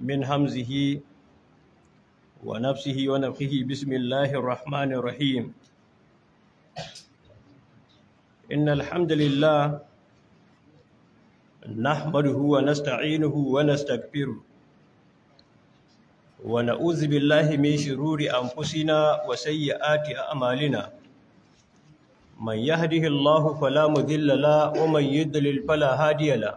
من همزه ونفسه ونفخه بسم الله الرحمن الرحيم إن الحمد لله نحمده ونستعينه ونستكبره ونعوذ بالله من شرور أنفسنا وسيئات أعمالنا من يهده الله فلا مذل له ومن يضلل فلا هادي له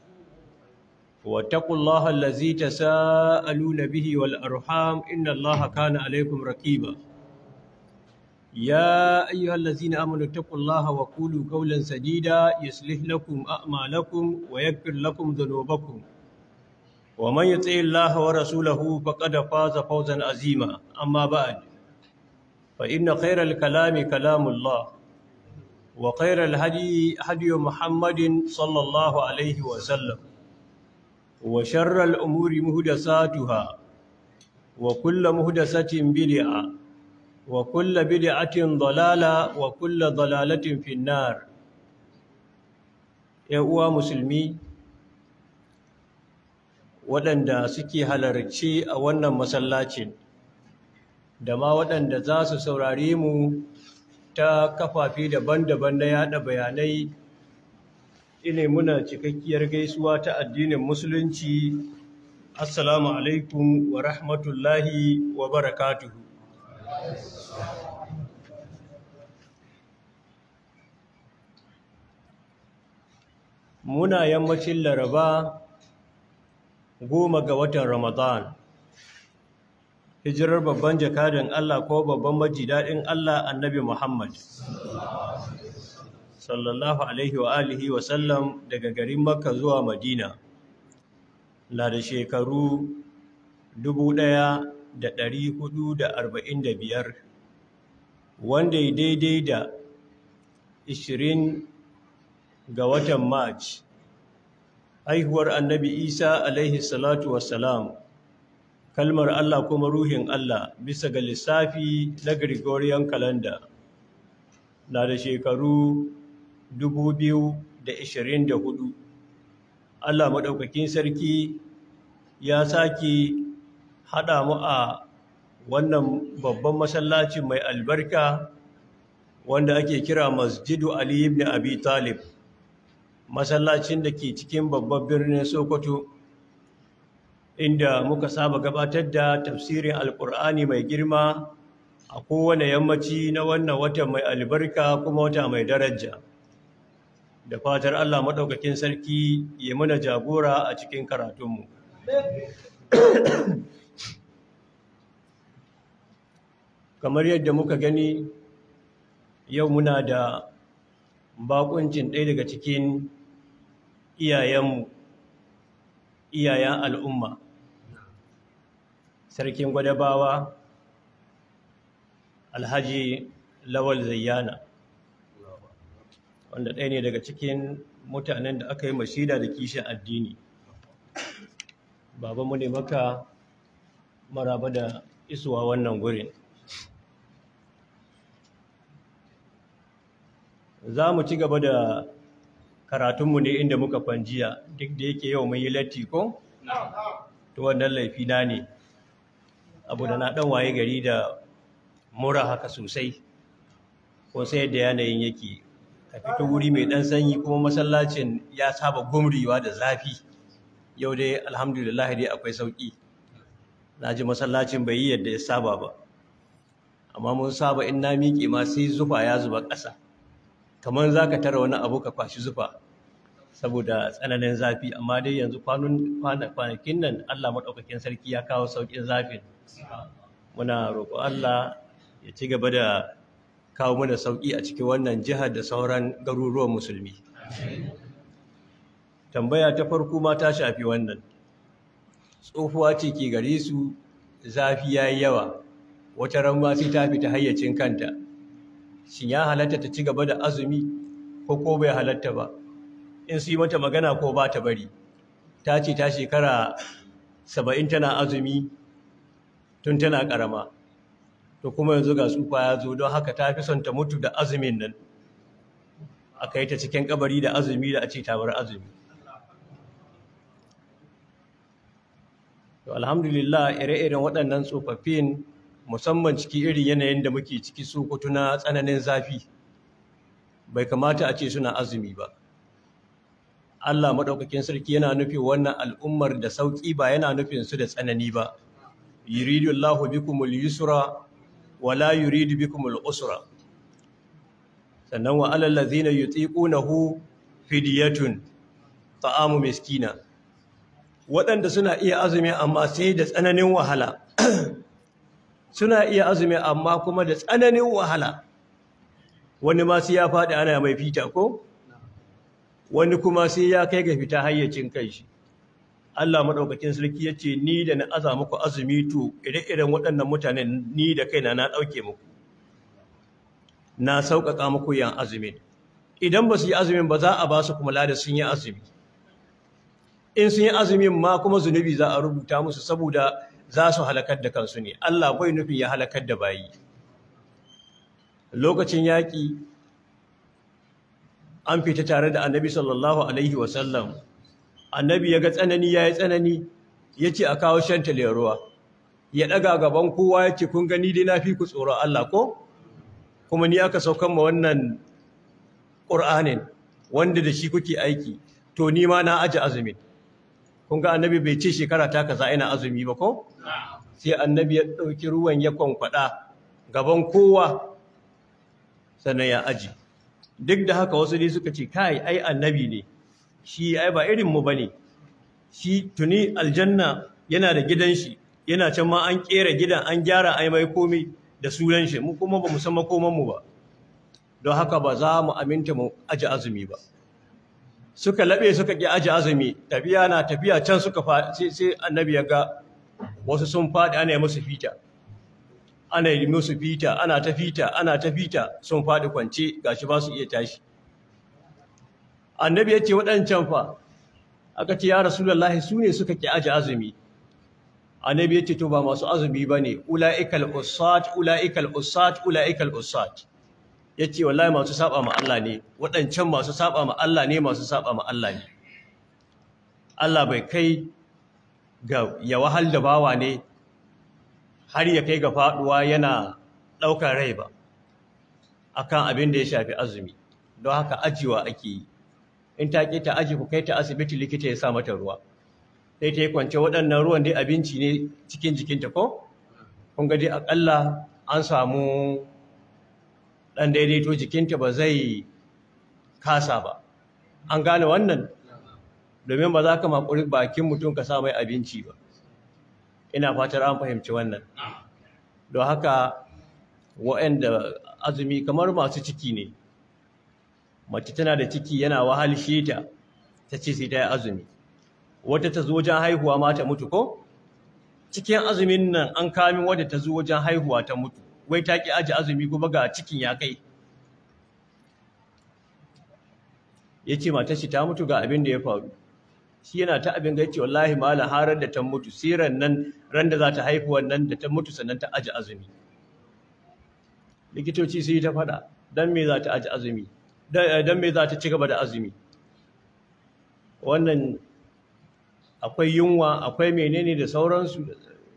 واتقوا الله الذي تساءلون به والأرحام إن الله كان عليكم رقيبا يا أيها الذين آمنوا اتقوا الله وقولوا قولا سديدا يصلح لكم أعمالكم ويغفر لكم ذنوبكم ومن يطع الله ورسوله فقد فاز فوزا عظيما أما بعد فإن خير الكلام كلام الله وخير الهدي هدي محمد صلى الله عليه وسلم wa sharrar umuri tuha wa kullu muhdasatin bid'a wa kullu bid'atin dalala wa kullu dalalatin finnar ya uwa musulmi waɗanda suke halarci a wannan masallacin da ma waɗanda za su saurari mu ta kafafi daban-daban na yaɗa bayanai ine muna cikakkiyar gaisuwa ta addinin musulunci assalamu alaikum wa rahmatullahi wa barakatuhu muna yammacin laraba goma ga watan ramadan hijirar babban jakadin allah ko babban maji daɗin allah annabi muhammad sallallahu alaihi wa alihi wa sallam daga garin makka zuwa madina na da shekaru 1445 wanda ya daidai da 20 ga watan march haihuwar annabi isa alaihi salatu salam, kalmar allah kuma ruhin allah bisa ga lissafi na gregorian calendar na da shekaru 2024 Allah maɗaukakin sarki ya sake haɗa mu a wannan babban masallaci mai albarka wanda ake kira masjidu Ali ibn Abi Talib masallacin da ke cikin babban birnin Sokoto inda muka saba gabatar da tafsirin alkur'ani mai girma a kowane yammaci na wannan watan mai albarka kuma wata mai daraja. da fatar Allah maɗaukakin sarki ya mana jagora a cikin karatunmu. Kamar yadda muka gani yau muna da bakuncin ɗaya daga cikin iyayenmu, iyayen al'umma, sarkin gwadabawa, alhaji lawal zayyana. wanda ɗaya ne daga cikin mutanen da aka yi mashida da kishin addini Babanmu ne maka maraba da isuwa wannan gurin za mu ci gaba da karatunmu ne inda muka kwanjiya duk da yake yau mai latti ko? Ta wannan laifi na ne abu da na ɗan waye gari da mura haka sosai ko sai yadda yanayin yake ka fito wuri mai ɗan sanyi kuma masallacin ya saba gumriwa da zafi yau dai alhamdulillah dai akwai sauki na ji masallacin bai yi yadda ya saba ba amma mun saba in na miƙe ma sai zufa ya zuba ƙasa kamar za ka tara wani abu ka kwashi zufa saboda tsananin zafi amma dai yanzu kwanakin nan allah maɗaukakin sarki ya kawo sauƙin zafin muna roƙo allah ya ci gaba da kawo mana sauƙi a cikin wannan jihar da sauran garuruwan musulmi tambaya ta farko ma ta shafi wannan tsohuwa ce ke gare su zafi ya yi yawa wata ran ma sai ta fita hayyacin kanta shin ya halatta ta ci gaba da azumi ko ko bai halatta ba in su yi mata magana ko ba ta bari ta ce ta shekara saba'in tana azumi tun tana ƙarama to kuma yanzu ga tsufa ya zo don haka ta fi son ta mutu da azumin nan a kai ta cikin kabari da azumi da a ce ta bar azumi to alhamdulillah ire-iren waɗannan tsofaffin musamman ciki irin yanayin da muke ciki kutu na tsananin zafi bai kamata a ce suna azumi ba Allah maɗaukakin sarki yana nufi wannan al'ummar da sauƙi ba yana nufin su da tsanani ba yuridullahu bikumul yusra wala yuridu bikum al-usra sannan wa alal ladzina yutiqunahu fidyatun ta'amu miskina waɗanda suna iya azumi amma sai da tsananin wahala suna iya azumi amma kuma da tsananin wahala wani ma sai ya faɗi ana mai fita ko wani kuma sai ya kai ga fita hayyacin kai shi Allah madaukakin sarki ya ce ni da na aza muku azumi to ire-iren waɗannan mutanen ni da kaina na ɗauke muku na sauƙaƙa muku yan azumin idan ba su yi azumin ba za a ba su kuma lada sun yi azumi in sun yi azumin ma kuma zunubi za a rubuta musu saboda za su halakar da kansu ne Allah bai nufin ya halakar da bayi lokacin yaƙi an fita tare da annabi sallallahu alaihi wasallam annabi ya ga tsanani ya yi tsanani ya ce a kawo shantalin ruwa ya ɗaga gaban kowa ya ce kun gani dai na fi ku tsoron Allah ko kuma ni aka saukan ma wannan ƙur'anin wanda da shi kuke aiki to ni ma na aji azumi kun ga annabi bai ce shekara ta kaza ina azumi ba ko sai annabi ya ɗauki ruwan ya kwankwaɗa gaban kowa sannan ya aji duk da haka wasu ne suka ce kai ai annabi ne shi ai ba irin mu bane shi tuni aljanna yana da gidan shi yana can ma an kera gidan an gyara ai mai komai da sunan shi mu kuma ba mu san makoman mu ba don haka ba za mu aminta mu aji azumi ba suka labe suka ki aji azumi tafiya na tafiya can suka sai sai annabi ya ga wasu sun faɗi ana yi musu fita ana yi musu fita ana tafita ana ta sun faɗi kwance gashi ba su iya tashi annabi ya ce waɗancan fa aka ce ya rasulullahi su ne suka ƙi aji azumi annabi ya ce to ba masu azumi ba ne ula'ikal usat ula'ikal usat ula'ikal usat ya ce wallahi masu saba ma Allah ne waɗancan masu saba ma Allah ne masu saba ma Allah ne Allah bai kai ga ya wahal da bawa ne har ya kai ga faɗuwa yana ɗaukar rai ba akan abin da ya shafi azumi don haka ajiwa ake yi in ta ke ta aji ku kai ta asibiti likita ya sa mata ruwa sai ta yi kwance waɗannan ruwan dai abinci ne cikin jikinta ko kun ga akalla an samu ɗan daidaito jikinta ba zai kasa ba an gane wannan domin ba za ka makuri bakin mutum ka sa mai abinci ba ina fatar an fahimci wannan don haka wa'anda azumi kamar masu ciki ne mace tana da ciki yana wahalshe ta ta ce sai ta yi azumi wata ta zo wajen haihuwa ma ta mutu ko cikin azumin nan an kamin wata ta zo wajen haihuwa ta mutu wai ta ki aji azumi kuma ga cikin ya kai ya ce matar shi ta mutu ga abin da ya faru shi yana ta abin ga wallahi mala harar da ta mutu siran nan ran da za ta haifi wannan da ta mutu sannan ta aji azumi likitoci sai ta faɗa dan me za ta aji azumi don me za ta ci gaba da azumi wannan akwai yunwa akwai menene da sauransu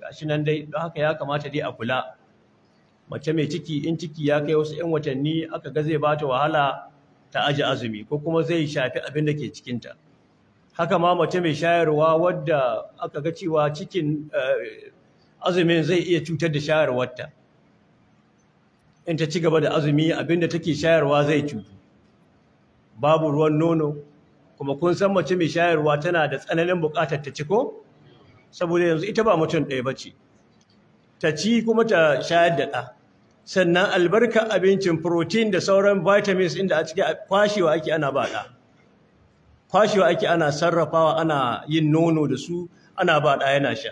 gashi nan dai don haka ya kamata dai a kula mace mai ciki in ciki ya kai wasu 'yan watanni aka ga zai bata wahala ta aji azumi ko kuma zai shafi abin da ke cikinta haka ma mace mai shayarwa wadda aka ga cewa cikin eh, azumin zai iya cutar da shayarwarta in ta ci gaba da azumi abin da take shayarwa zai cutu babu ruwan nono kuma kun san mace mai shayarwa tana da tsananin bukatar ta ci ko saboda yanzu ita ba mutum ɗaya ba ce ta ci kuma ta shayar da ɗa sannan albarka abincin protein da sauran vitamins inda a cikin kwashewa ake ana ba ɗa kwashewa ake ana sarrafawa ana yin nono da su ana ba ɗa yana sha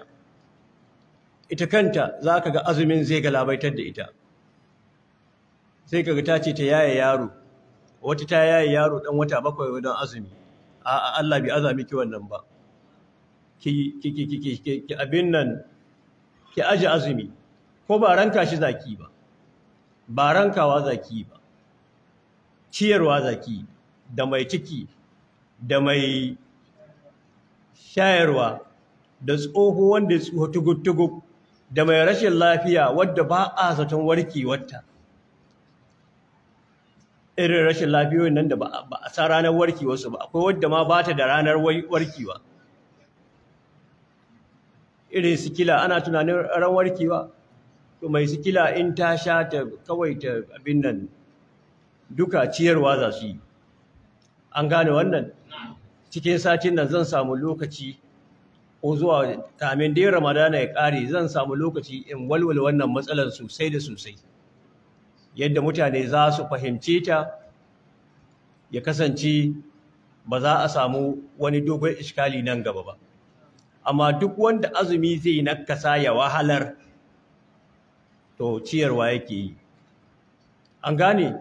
ita kanta za ka ga azumin zai galabaitar da ita sai ka ga ta ce ta yaya yaro wata ta yaye yaro dan wata bakwai don azumi a Allah bai azami ki wannan ba ki ki ki ki abin nan ki aje azumi ko ba ranka shi zaki ba ba rankawa zaki ba ciyarwa zaki da mai ciki da mai shayarwa da tsoho wanda ya tsoho tugu tugu, da mai rashin lafiya wadda ba a zaton warkewarta irin rashin lafiyoyin nan da ba a sa ranar warkewarsu ba akwai wadda ma ba ta da ranar warkewa irin sikila ana tunanin ran warkewa to mai sikila in ta sha ta kawai ta abin nan duka ciyarwa za su yi an gane wannan cikin satin nan zan samu lokaci ko zuwa kamin dai ramadana ya kare zan samu lokaci in walwala wannan matsalar sosai da sosai yadda mutane za su fahimce ta ya kasance ba za a samu wani dogon iskali nan gaba ba amma duk wanda azumi zai nakasa ya wahalar to ciyarwa yake yi an gane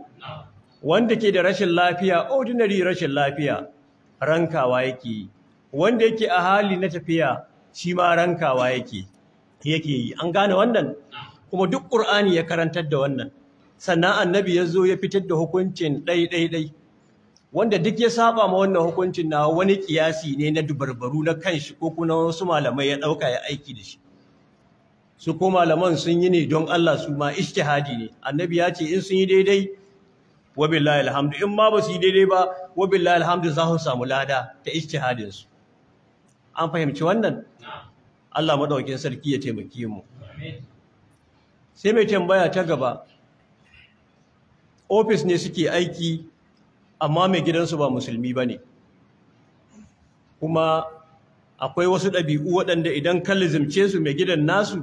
wanda ke da rashin lafiya ordinary rashin lafiya rankawa yake yi wanda yake a hali na tafiya shi ma rankawa yake yi an gane wannan kuma duk ƙur'ani ya karantar da wannan sannan annabi ya zo ya fitar da hukuncin ɗai wanda duk ya saba ma wannan hukuncin na wani kiyasi ne na dubarbaru na kanshi ko kuma wasu malamai ya ɗauka ya aiki da shi su ko malaman sun yi ne don Allah su ma ishtihadi ne annabi ya ce in sun yi daidai wa billahi alhamdu in ma ba su yi daidai ba wa billahi alhamdu za su samu lada ta ishtihadin su an fahimci wannan Allah madaukakin sarki ya taimake mu sai mai tambaya ta gaba ofis ne suke aiki amma mai gidansu ba musulmi ba ne kuma akwai wasu ɗabi'u waɗanda idan ka lizimce su mai gidan nasu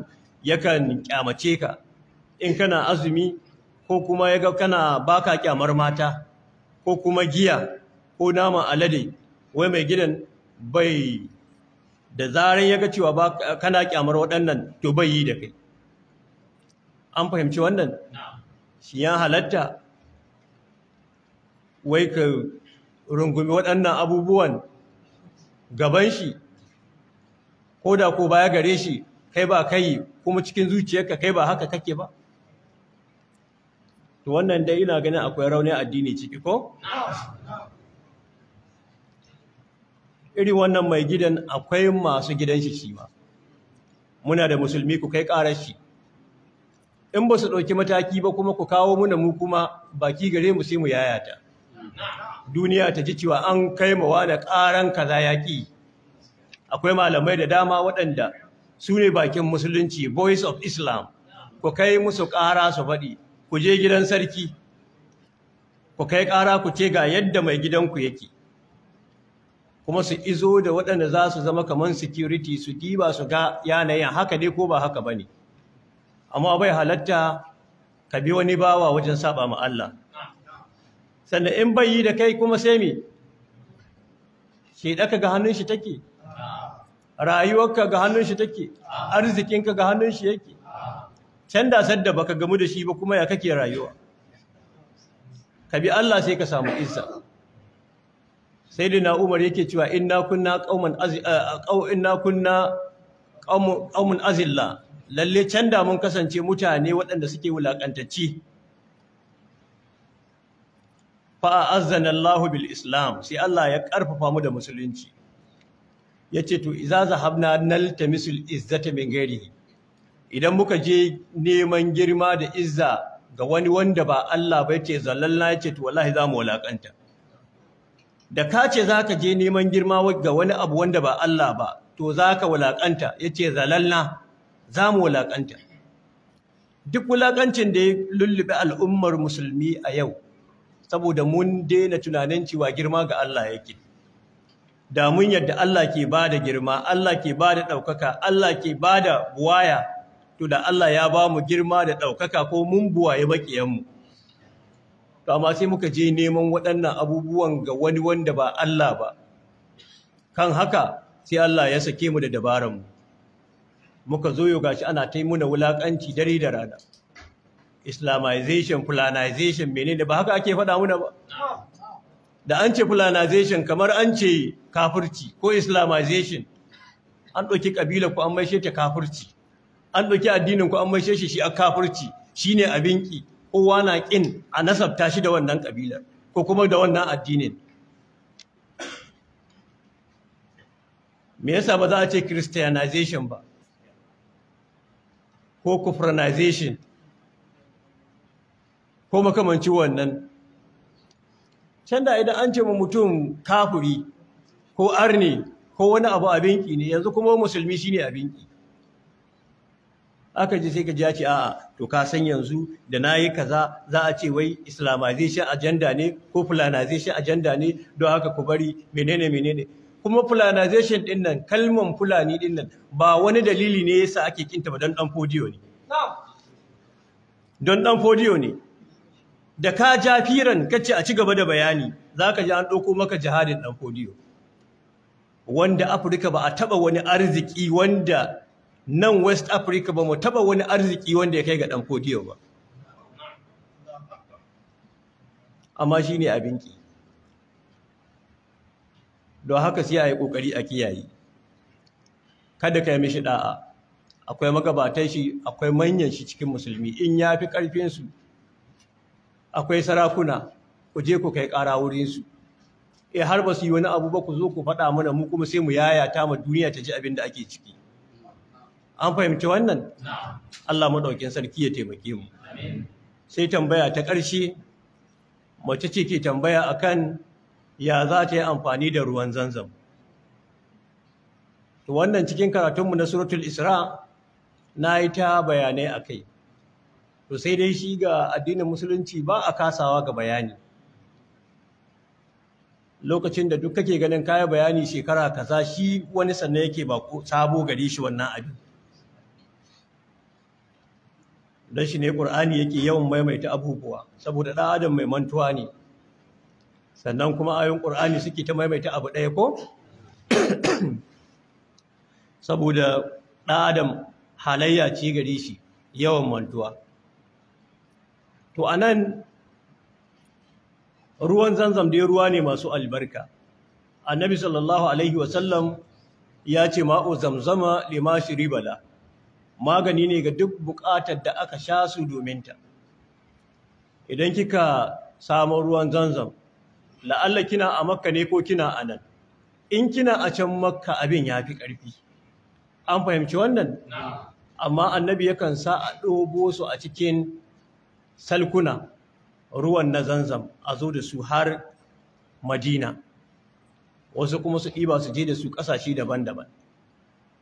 yakan kyamace ka in kana azumi ko kuma ya ga kana baka kyamar mata ko kuma giya ko nama alade wai mai gidan bai da zarar ga cewa kana kyamar waɗannan to bai yi da kai an fahimci wannan shi ya halatta wai ka rungumi waɗannan abubuwan gaban shi ko da ko baya gare shi kai ba kai kuma cikin zuciyarka kai ba haka kake ba to wannan dai ina ganin akwai raunin addini ciki ko iri wannan mai gidan akwai masu gidan shi shi ma muna da musulmi ku kai ƙarar shi in ba su ɗauki mataki ba kuma ku kawo muna mu kuma baki gare mu sai mu yayata duniya ta ji cewa an kai mawa da ƙaran kaza yaƙi akwai malamai da dama waɗanda su ne bakin musulunci voice of islam ku kai musu ƙara su faɗi ku je gidan sarki ku kai ƙara ku ce ga yadda mai gidanku yake kuma su izo da waɗanda za su zama kamar security su diba su ga yanayin haka ne ko ba haka ba ne amma bai halatta ka bi wani bawa wajen saba ma Allah sannan in bai yi da kai kuma sai mi shi ka ga hannun shi take rayuwarka ga hannun shi take arzikinka ga hannun shi yake can da da baka gamu da shi ba kuma ya kake rayuwa ka bi Allah sai ka samu izza sai da Umar yake cewa inna kunna qauman azilla inna kunna qaumun azilla lalle can da mun kasance mutane waɗanda suke wulakantacci fa'azzana Allah bil Islam sai Allah ya karfafa mu da musulunci Ya ce to idza zahabna misul izzata min gari idan muka je neman girma da izza ga wani wanda ba Allah ba yace zallalla yace to wallahi mu walakanta da kace zaka je neman girma ga wani abu wanda ba Allah ba to zaka walakanta yace zallalla zamu walakanta duk wulakancin da ya lullube al'ummar musulmi a yau saboda mun daina tunanin cewa girma ga Allah yake da mun yadda Allah ke bada girma Allah ke bada ɗaukaka Allah ke bada buwaya to da Allah ya ba mu girma da ɗaukaka ko mun buwaye bakiyanmu to amma sai muka je neman waɗannan abubuwan ga wani wanda ba Allah ba kan haka sai Allah ya sake mu da mu. muka zo yau gashi ana taimuna wulaƙanci dare da rana islamization fulanization menene ba haka ake faɗa muna ba da an ce fulanization kamar an ce kafirci ko islamization an ɗauki ƙabila ku an maishe ta kafirci an ɗauki addinin ku an maishe shi shi a kafirci shine abin ki kowa na ƙin a nasabta shi da wannan ƙabilar ko kuma da wannan addinin me yasa ba za a ce christianization ba ko kufranization ko makamanci wannan can da idan an ce ma mutum kafuri ko arne ko wani abu abinki ne yanzu kuma musulmi shine abinki aka ji sai ka ji ce a'a to ka san yanzu da na yi kaza za a ce wai islamization agenda ne ko planization agenda ne don haka ku bari menene menene kuma planization din nan kalman fulani din nan ba wani dalili ne yasa ake kinta ba don dan fodiyo ne don dan fodiyo ne da ka ja firan kace a ci gaba da bayani za ka ji an ɗauko maka jihadin dan kodiyo wanda Afirka ba a taba wani arziki wanda nan West Africa ba mu taba wani arziki wanda ya kai ga dan kodiyo ba amma shine abinki don haka sai a yi kokari a kiyaye kada ka yi mishi da'a akwai magabatan shi akwai manyan shi cikin musulmi in ya fi ƙarfinsu akwai sarakuna ku je ku kai ƙara wurin su. eh har ba su yi wani abu ba ku zo ku faɗa mana mu kuma sai mu yayata ma duniya ta ji abin da ake ciki an fahimci wannan Allah madaukin sarki ya taimake mu sai tambaya ta ƙarshe mace ce ke tambaya akan ya za ta yi amfani da ruwan zanzam to wannan cikin karatunmu na suratul isra na yi ta bayanai akai to sai dai shi ga addinin musulunci ba a kasawa ga bayani lokacin da duk kake ganin kaya bayani shekara kaza shi wani sannan yake ba sabo gari shi wannan abin don shi ne ƙur'ani yake yawan maimaita abubuwa saboda ɗan adam mai mantuwa ne sannan kuma ayon ƙur'ani suke ta maimaita abu ɗaya ko saboda ɗan adam halayya ce gari shi yawan mantuwa to a nan ruwan zanzam dai ruwa ne masu albarka annabi sallallahu alaihi wasallam ya ce ma'o zamzama lima shiribala magani ne ga duk buƙatar da aka sha su domin ta. idan kika samu ruwan zanzam la'alla kina a makka ne ko kina a nan in kina a can makka abin ya fi ƙarfi an fahimci wannan amma annabi yakan sa a ɗobo su a cikin salkuna ruwan na zanzam a zo da su har madina wasu kuma su ɗiba su je da su ƙasashe daban-daban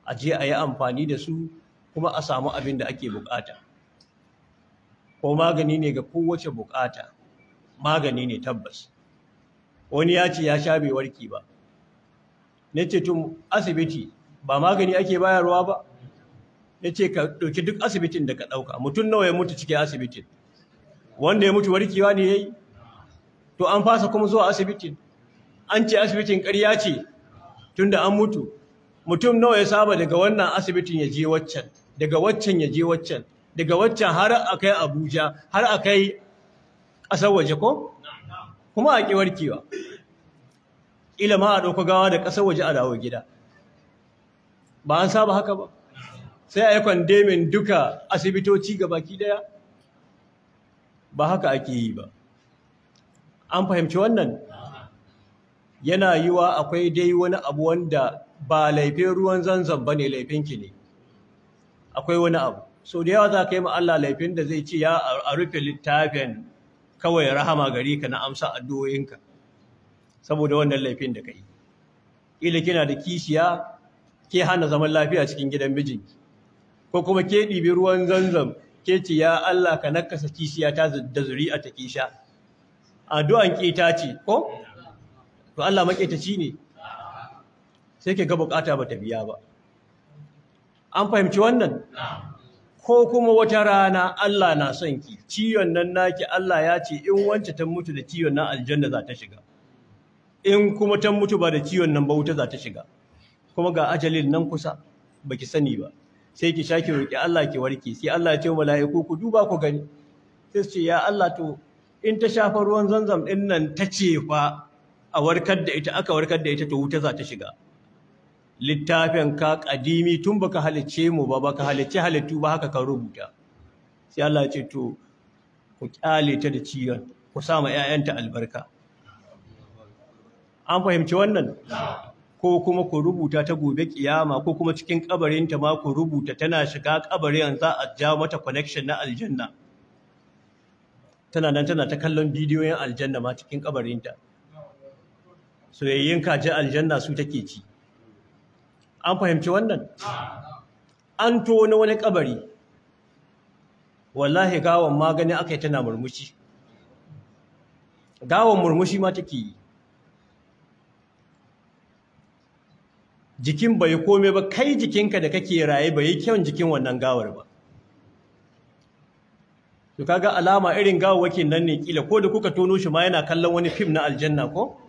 a je a yi amfani da su kuma a samu abin da ake bukata ko magani ne ga kowace bukata magani ne tabbas wani ya ce ya sha bai warki ba na ce tun asibiti ba magani ake bayarwa ba na ce ka ɗauki duk asibitin da ka ɗauka mutum nawa ya mutu cikin asibitin wanda ya mutu warkewa ne yayi to an fasa kuma zuwa asibitin an ce asibitin karya ce tunda an mutu mutum nawa ya saba daga wannan asibitin ya je waccan daga waccan ya je waccan daga waccan har akai Abuja har akai ƙasar waje ko kuma a ƙi warkewa ila ma a ɗauka gawa da ƙasar waje a dawo gida ba an saba haka ba sai a yi kwandemin duka asibitoci gabaki baki daya ba haka ake yi ba an fahimci wannan yana yiwa akwai dai wani abu wanda ba laifin ruwan zanzan ba ne laifinki ne akwai wani abu so da yawa za ka yi ma'alla laifin da zai ce ya a rufe littafin kawai rahama gari ka na amsa addu'o'inka saboda wannan laifin da ka yi ila kina da kishiya ke hana zaman lafiya cikin gidan mijinki ko kuma ke ɗibi ruwan zanzan ke ce ya Allah ka nakasa kishiya ta da zuri'a ta kisha addu'an kita ce ko to Allah ci ne sai ke ga bukata ba ta biya ba an fahimci wannan ko kuma wata rana Allah na son ki ciyon nan naki Allah ya ce in wance ta mutu da ciyon nan aljanna za ta shiga in kuma ta mutu ba da ciyon nan ba wuta za ta shiga kuma ga ajalin nan kusa baki sani ba sai ki sha ki roƙi Allah ki warke sai Allah ya ce mala'iku ku duba ku gani sai su ce ya Allah to in ta shafa ruwan zanzam din nan ta ce fa a warkar da ita aka warkar da ita to wuta za ta shiga littafin ka kadimi tun baka halice mu ba baka halice halittu ba haka ka rubuta sai Allah ya ce to ku kyale ta da ciyon ku sa ma 'ya'yanta albarka an fahimci wannan ko kuma ku rubuta ta gobe kiyama ko kuma cikin kabarinta ma ku rubuta tana shiga kabarin za a ja mata connection na aljanna tana nan tana ta kallon bidiyoyin aljanna ma cikin kabarinta soyayyen kaji aljanna su take ci an fahimci wannan an tona wani kabari wallahi gawan magani aka yi tana murmushi gawan murmushi ma take yi jikin bai kome ba kai jikinka da kake raye bai kyan jikin wannan gawar ba to kaga alama irin gawawwakin nan ne kila ko da kuka tono shi ma yana kallon wani fim na aljanna ko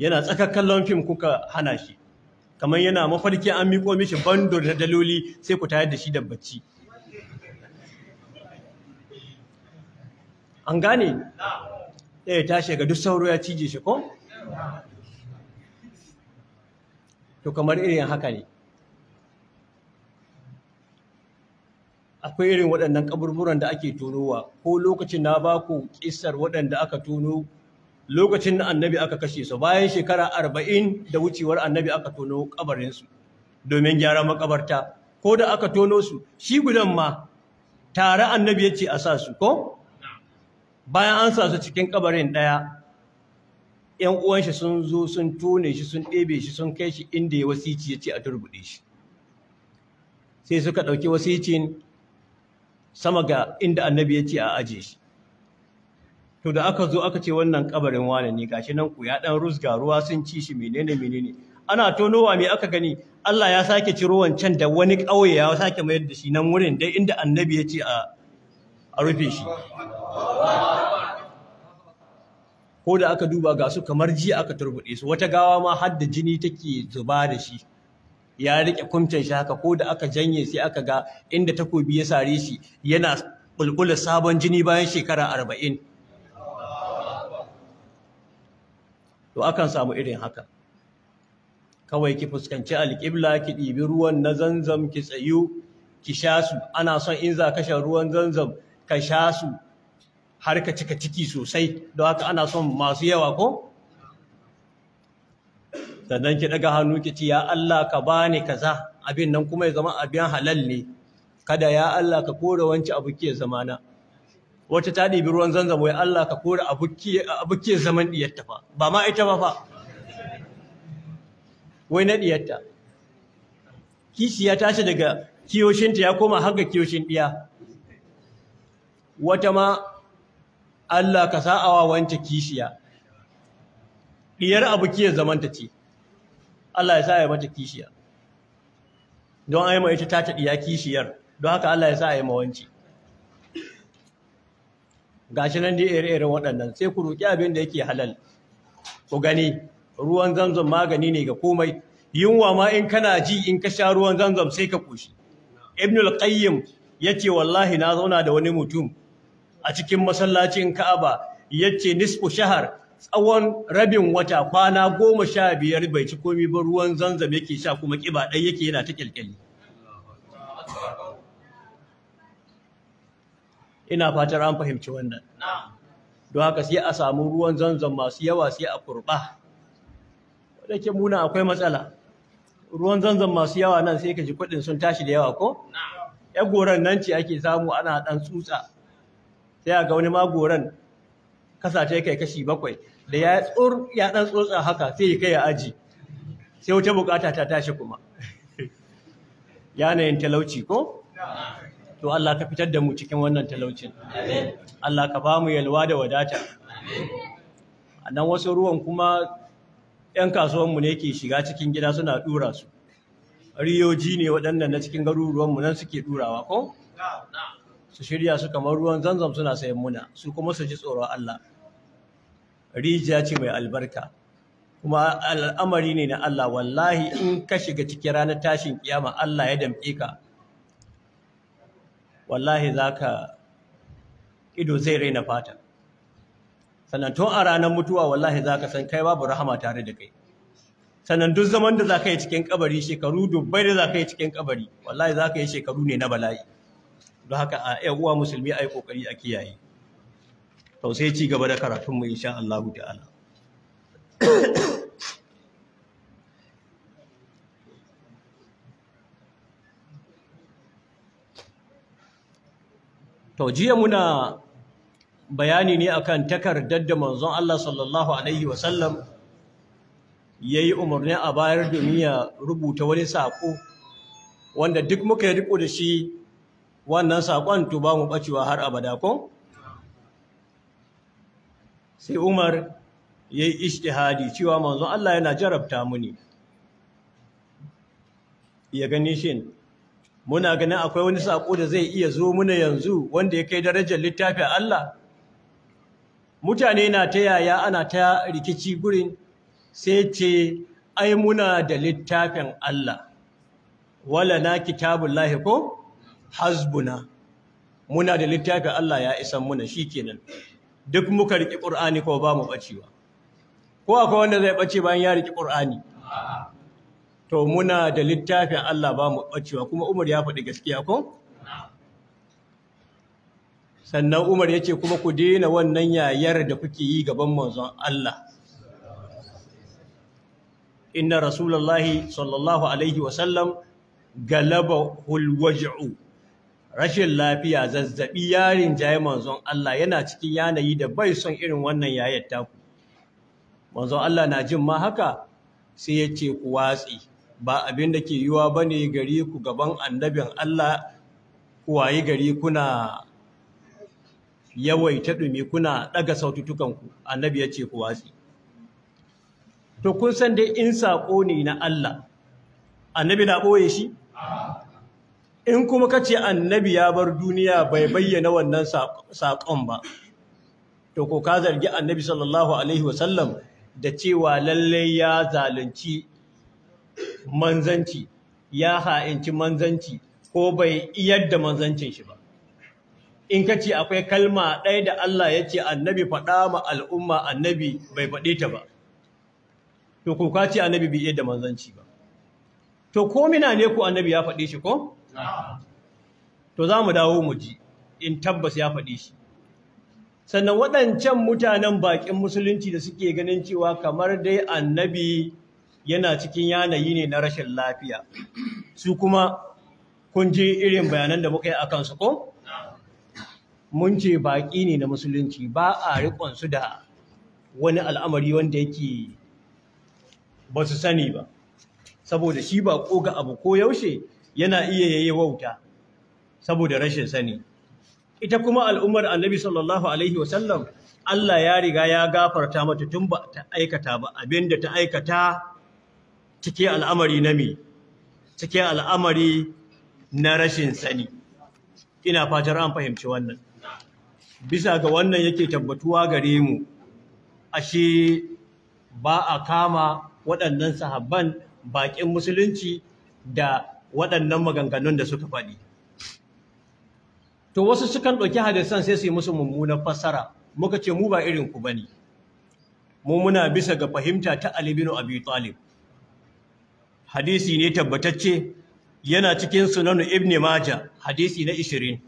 yana tsakar kallon fim kuka hana shi kamar yana mafarki an miƙo mishi bando da daloli sai ku tayar da shi da bacci an gane ɗaya eh, tashi shiga duk sauro ya cije shi ko to kamar irin haka ne akwai irin waɗannan kaburburan da ake tonowa ko lokacin na ba ku ƙisar waɗanda aka tono lokacin da annabi aka kashe su bayan shekara arba'in da wucewar annabi aka tono ƙabarinsu domin gyara makabarta ko da aka tono su shi gudan ma tare annabi ya ce a sa su ko bayan an sa su cikin ƙabarin ɗaya 'yan uwanshi shi sun zo sun tone shi sun ɗebe shi sun kai shi inda ya wasici ya ce a turbuɗe shi sai suka ɗauki wasicin sama ga inda annabi ya ce a aje shi to da aka zo aka ce wannan kabarin wane ne gashi nan ku ya ɗan rusga ruwa sun ci shi menene menene ana tonowa me aka gani Allah ya sake ci ruwan can da wani ƙauye ya sake mayar da shi nan wurin dai inda annabi ya ce a rufe shi ko da aka duba ga su kamar jiya aka turbuɗe su wata gawa ma har da jini take zuba da shi ya rike kumcin shi haka ko da aka janye sai aka ga inda takobi ya sare shi yana bulbula sabon jini bayan shekara arba'in to akan samu irin haka kawai ki fuskanci alƙibla ki ɗibi ruwan na zanzam ki tsayu ki sha su ana son in za ka sha ruwan zanzam ka sha su har ka cika ciki sosai don haka ana son masu yawa ko sannan ki daga hannu ki ci, ya Allah ka bani kaza abin nan kuma ya zama abin halal ne kada ya Allah ka kore wanci abu ke zamana wata ta ɗibi ruwan zanzam wai Allah ka kore abu ke zaman diyarta fa ba ma ita ba fa wai na diyarta kishi ya tashi daga kiyoshinta ya koma har ga kiyoshin diya wata ma Allah ka sa'awa wancan kishiya diyar abu kiyar zamanta ce Allah ya sa ya mata kishiya don yi ita ta ta kishiyar don haka Allah ya sa ya mawanci gashi nan dai ire-iren waɗannan sai ku roƙi abin da yake halal ku gani ruwan zanzan magani ne ga komai yunwa ma in kana ji in ka sha ruwan zanzan sai ka koshi ibnul qayyim yace wallahi na zauna da wani mutum a cikin masallacin Ka'aba yace nisfu shahar tsawon rabin wata kwana goma sha biyar bai ci komi ba ruwan zanzam yake sha kuma kiba ɗai yake yana ta kyalkyali ina fatar an fahimci wannan don haka sai a samu ruwan zanzam masu yawa sai a kurɓa wadda ke muna akwai matsala ruwan zanzam masu yawa nan sai ka ji kuɗin sun tashi da yawa ko? ya goron nan ce ake samu ana ɗan tsutsa sai a ga wani magoran kasace kai kashi bakwai da ya tsor ya dan tsotsa haka sai kai ya aji sai wata bukata ta tashi kuma yanayin talauci ko to Allah ka fitar da mu cikin wannan talaucin Allah ka ba yalwa da wadata a nan wasu ruwan kuma 'yan kasuwanmu ne ke shiga cikin gida suna dura su riyoji ne waɗannan na cikin garuruwanmu nan suke durawa ko? su shirya su kamar ruwan zanzam suna sayan muna su kuma su ji tsoron Allah rijiya ce mai albarka kuma al'amari ne na Allah wallahi in ka shiga cikin ranar tashin kiyama Allah ya damƙe ka wallahi zaka ido zai raina fata sannan tun a ranar mutuwa wallahi zaka san kai babu rahama tare da kai sannan duk zaman da zaka yi cikin kabari shekaru dubbai da zaka yi cikin kabari wallahi zaka yi shekaru ne na bala'i don haka a yan uwa musulmi ai ƙoƙari a kiyaye to sai ci gaba da karatun mu insha Allah ta'ala to jiya muna bayani ne a kan takardar da manzon Allah sallallahu alaihi wasallam yi umarni a bayar domin ya rubuta wani sako wanda duk muka riko da shi wannan saƙon to ba mu ɓacewa har abada ko? sai umar ya yi ishtihadi cewa manzo Allah yana jarabta muni ya gani shin muna ganin akwai wani saƙo da zai iya zo muna yanzu wanda ya kai darajar littafin Allah mutane na ta yaya ana ta rikici gurin sai ce ai muna da littafin Allah wala na kitabullahi ko hasbuna muna da littafin Allah ya isan muna shi kenan duk muka riƙi ƙur'ani ko ba mu ɓacewa ko akwai wanda zai ɓace bayan ya riƙi ƙur'ani to muna da littafin Allah ba mu ɓacewa kuma Umar ya faɗi gaskiya ko sannan Umar ya ce kuma ku daina wannan yayar da kuke yi gaban manzon Allah inna rasulullahi sallallahu alaihi wasallam galaba hulwaj'u rashin lafiya zazzabi yarin jaye manzon Allah yana cikin yanayi da bai son irin wannan yayar taku manzon Allah na jin ma haka sai ya ce ku watsi ba abin da ke yiwa bane gari ku gaban annabin Allah ku wayi gari kuna yawaita dumi kuna daga saututtukan ku annabi ya ce ku watsi to kun san dai in sako ne na Allah annabi na boye shi in kuma ka ce annabi ya bar duniya bai bayyana wannan saƙon ba to ko ka zargi annabi sallallahu alaihi wasallam da cewa lallai ya zalunci manzanci ya ha'inci manzanci ko bai iyar da manzancin shi ba in ka ce akwai kalma ɗaya da Allah ya ce annabi faɗa ma al'umma annabi bai faɗe ta ba to ko ka ce annabi bai iyar da manzanci ba to ko mina ne ku annabi ya faɗe shi ko to za mu dawo mu ji in tabbas ya faɗi shi sannan waɗancan mutanen baƙin musulunci da suke ganin cewa kamar dai annabi yana cikin yanayi ne na rashin lafiya su kuma kun ji irin bayanan da muka yi a kansu ko? mun ce baƙi ne na musulunci ba a riƙonsu da wani al'amari wanda yake ba su sani ba saboda shi ba ko ga abu ko yaushe yana iya yayi wauta saboda rashin sani ita kuma al'ummar annabi sallallahu alaihi wasallam Allah ya riga ya gafarta mata tun ba ta aikata ba abinda ta aikata cike al'amari na mi cike al'amari na rashin sani ina fatar an fahimci wannan bisa ga wannan yake tabbatuwa gare mu ashe ba a kama waɗannan sahabban baƙin musulunci da waɗannan maganganun da suka faɗi to wasu sukan ɗauki hadisan sai su yi musu mummunan fassara muka ce mu ba irin ku bane mu muna bisa ga fahimta ta alibinu a Abi Talib hadisi ne tabbatacce yana cikin sunanu Ibn Maja, hadisi na ishirin,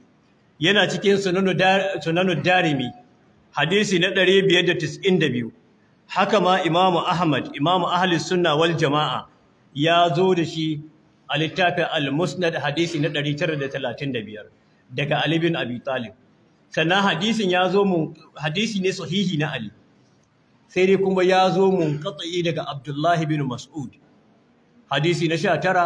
yana cikin sunanu Darimi hadisi na biyar da da biyu, haka ma Imamu Ahmad Imam Ahlus Sunna wal Jama'a ya zo da shi a littafin al-musnad hadisi na 935 daga Ali bin Abi Talib sannan hadisin ya zo mun hadisi ne sahihi na Ali sai dai kuma ya zo mun katsayi daga Abdullahi bin Mas'ud hadisi na 19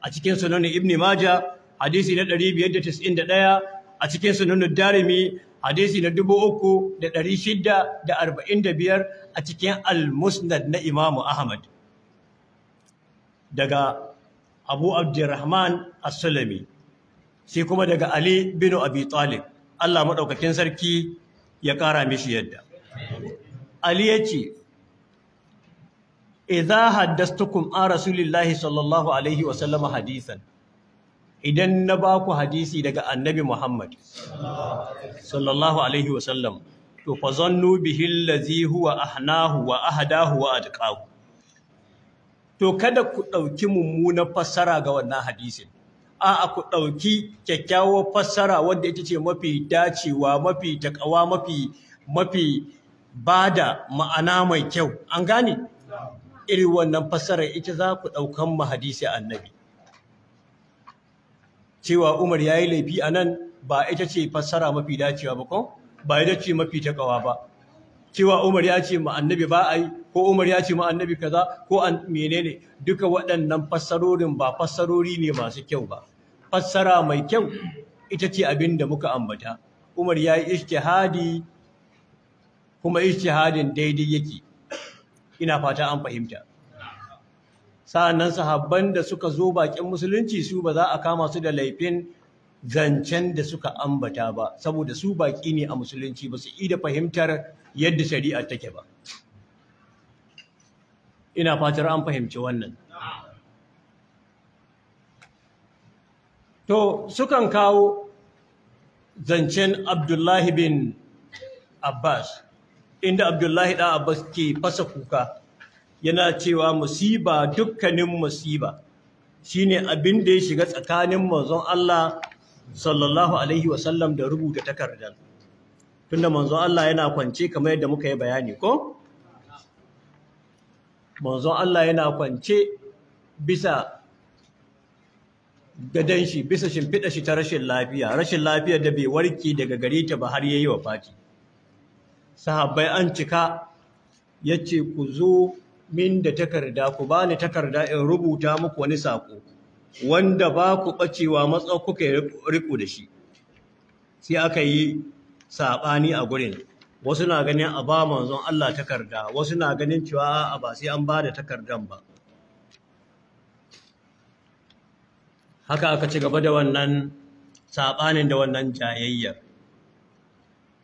a cikin sunan Ibn Majah hadisi na 591 a cikin sunan Darimi hadisi na 3645 a cikin al-musnad na Imam Ahmad daga abu abdurrahman as-sulami sai kuma daga ali bin abi talib Allah maɗaukakin sarki ya ƙara mishi yadda ali ya ce idza haddastukum an rasulillahi sallallahu alaihi wasallam hadisan idan na ba ku hadisi daga annabi Muhammad sallallahu alaihi wasallam to fa zannu bihi allazi huwa ahnahu wa ahdahu wa adqahu to kada ku ɗauki mummunan fassara ga wannan hadisin a'a ku ɗauki kyakkyawar fassara wadda ita ce mafi dacewa mafi takawa mafi mafi bada ma'ana mai kyau an gane irin wannan fassara ita za ku ɗaukan mu hadisi annabi cewa Umar ya yi laifi a nan, ba ita ce fassara mafi dacewa ba ko ba ita ce mafi takawa ba cewa Umar ya ce ma annabi ba yi ko Umar ya ce ma annabi kaza ko menene duka waɗannan fassarorin ba fassarori ne masu kyau ba fassara mai kyau ita ce abin da muka ambata Umar ya yi ijtihadi kuma ijtihadin daidai yake ina fata an fahimta sa'annan sahabban da suka zo bakin musulunci su ba za a kama su da laifin zancen da suka ambata ba saboda su baki ne a musulunci ba su da fahimtar yadda shari'a take ba ina fatar an fahimci wannan to sukan kawo zancen abdullahi bin abbas inda abdullahi ɗan abbas ke fasa kuka yana cewa musiba dukkanin musiba shine abin da ya shiga tsakanin manzon Allah sallallahu alaihi wasallam da rubuta takardar tunda manzon Allah yana kwance kamar yadda muka yi bayani ko manzon Allah yana kwance bisa gadon shi bisa shimfiɗa shi ta rashin lafiya rashin lafiya da bai warke daga gare ta ba har yayi wafati sahabbai an cika yace ku zo min da takarda ku bani takarda in rubuta muku wani saƙo. wanda ba ku bacewa matsau kuka riko da shi sai aka yi saɓani a gurin wasu na ganin a ba manzon Allah takarda wasu na ganin cewa a ba sai an ba da takardan ba haka aka ci gaba da wannan saɓanin da wannan jayayyar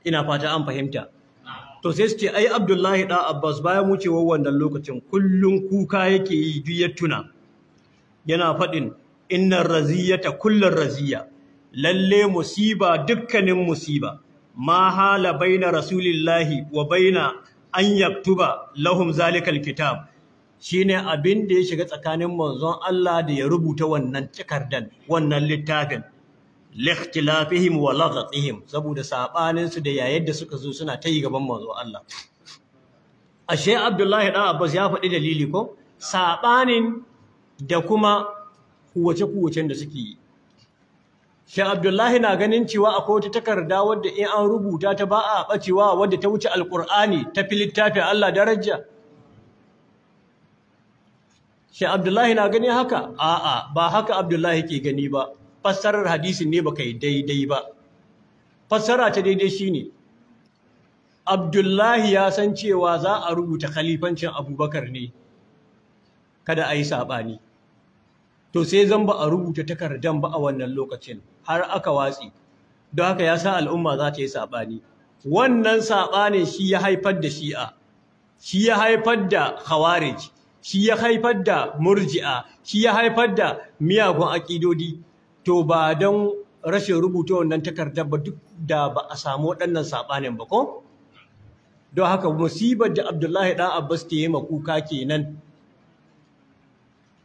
ina fata an fahimta to sai su ce ai abdullahi da abbas bayan wucewar wannan lokacin kullun kuka yake yi duk tuna yana faɗin innan raziyata kullun raziya lalle musiba dukkanin musiba ma hala baina rasulillahi wa baina an yaktuba lahum zalikal kitab shine abin da ya shiga tsakanin manzon Allah da ya rubuta wannan cikardan wannan littafin likhtilafihim wa laghatihim saboda sabanin su da yayar da suka zo suna ta yi gaban manzon Allah ashe Abdullahi dan Abbas ya faɗi dalili ko sabanin da kuma kuwace kuwacen da suke yi Shin Abdullahi na ganin cewa akwai wata takarda wadda in an rubuta ta ba a bacewa wadda ta wuce alkur'ani ta fi littafin Allah daraja? Shin Abdullahi na ganin haka? A'a, ba haka Abdullahi ke gani ba. Fassarar hadisin ne baka yi daidai ba. Fassara ta daidai shi ne. Abdullahi ya san cewa za a rubuta khalifancin Abubakar ne. Kada a yi saɓani. To sai zan ba a rubuta takardan ba a wannan lokacin. har aka watsi don haka ya sa al'umma za ta yi saɓani wannan saɓanin shi ya haifar da shi'a shi ya haifar da khawarij shi ya haifar da murji'a shi ya haifar da miyagun aƙidodi to ba don rashin rubuta wannan takardar ba duk da ba a samu waɗannan saɓanin ba ko don haka musibar da abdullahi ɗan abbas ta yi makuka kenan